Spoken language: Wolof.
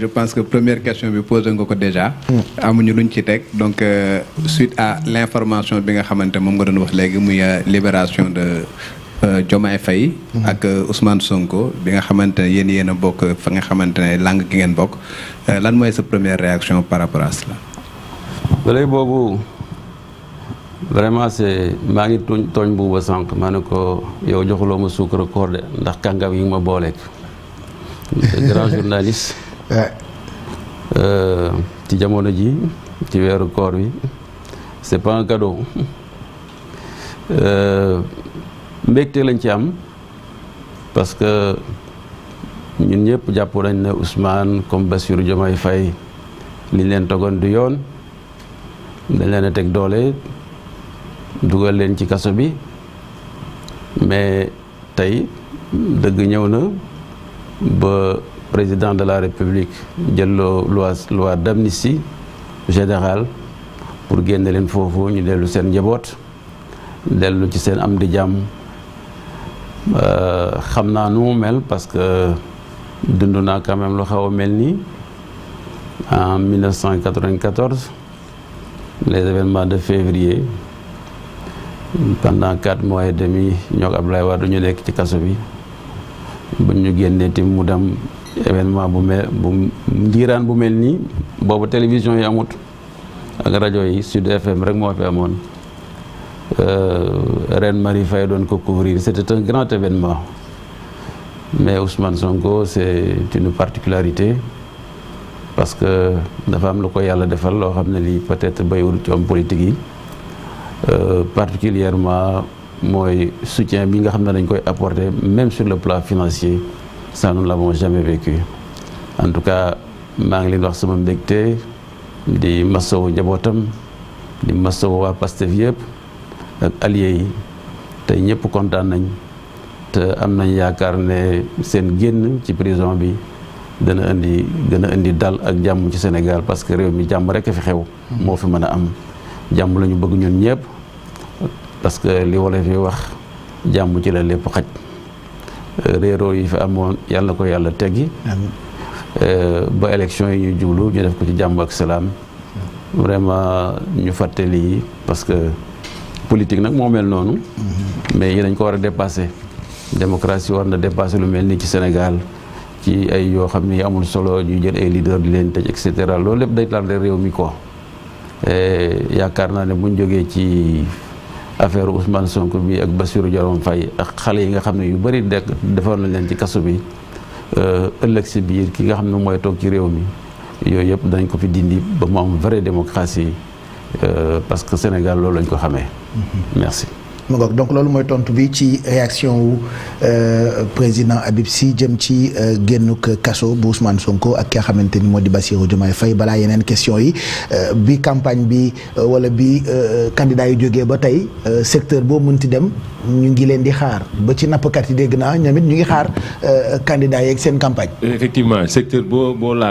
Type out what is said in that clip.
je pense que première question bi posé nga ko déjà hmm. amuñu luñ ci teg donc euh, suite à l'information bi nga xamante moom nga doon wax léegi muy euh, libération de euh, Diomaye Faye hmm. ak Ousmane Sonko bi nga xamante ne yéen yéen a bokk fa nga xamante ne langue gi ngeen bokk lan mooy sa première réaction par rapport à cela balay boobu vraiment c'est maa ngi tuñ tooñ buuba sànq ma ne ko yow joxuloo ma suukar koor de ndax kàngam yi ma booleeg grand journaliste Eh. Euh, ci jamono ji ci weeru koor wi c'est pen un cadeau euh, mbégte lañ ci am parce que ñun ñëpp jàppoo lañ ne Ousmane comme Bassirou Diomaye Faye liñ leen togoon du yoon dañ leen a teg doole dugal leen ci kaso bi mais tey dëgg ñëw na ba président de la République la loi loi d'amnistie générale pour gagner leen de ñu ci le am euh, parce que nous quand même le en 1994 les événements de février pendant quatre mois et demi nous avons Abdoulaye des ñu événement bu mel bu njiiraan bu mel nii télévision yi amut ak radio yi Sud FM rek mo fi euh Reine Marie Faye doon ko couvrir c'était un grand événement mais Ousmane Sonko c'est une particularité parce que dafa am lu ko yàlla defal lo xam ne peut-être béyul ci homme politique yi euh, particulièrement moy soutien bi nga xam dañ koy apporter même sur le plan financier ça nous l'avons jamais vécu en tout cas maa ngi leen wax sama mbégte di masawu njabootam di masawu waa Pastef yëpp ak allié yi te ñëpp kontaan nañ te am nañ yaakaar ne seen génn ci prison bi dana indi dana indi dal ak jàmm ci Sénégal parce que réew mi jàmm rek a fi xew moo fi mën a am jàmm la ñu bëgg ñun ñëpp parce que li wolof wax jàmm ci la lépp xaj réeroo yi fi amoon yàlla na ko yàlla teggi euh, ba élection yi ñu jublu ñu def ko ci jàmm ak salaam vraiment ñu fàtte lii parce que politique nag moo mel noonu mm-hmm. mais yi dañ ko war a dépasser démocratie war na dépasser lu mel nii ci Sénégal ci ay yoo xam ne yi amul solo ñu jël ay leader di leen tëj et cetera loolu lépp day tardé réew mi ko yaakaar naa ne buñ jógee ci affaire Ousmane Sonko bi ak Bassirou Diomaye Faye ak xale yi nga xam ne yu bëri dekk defoon nañ leen ci kasu bi euh, ëllëg si biir ki nga xam ne mooy toog ci réew mi yooyu yëpp dañ ko fi dindi ba mu am vraie démocratie euh, parce que Sénégal loolu lañ ko xamee mm-hmm. merci donc ngoog donc loolu mooy tontu bi ci réaction wu euh, président Habib Sy jëm ci euh, génnuk kasso bu Ousmane Sonko ak ki nga xamante Bassirou Diomaye Faye bala yenen question yi euh, bi campagne bi wala bi candidat yu jógee ba tay secteur beau mënti dem ñu ngi leen di xaar ba ci nappkat yi dégg naa ñamit ñu ngi xaar candidat yeeg seen campagne. effectivement secteur bo bo là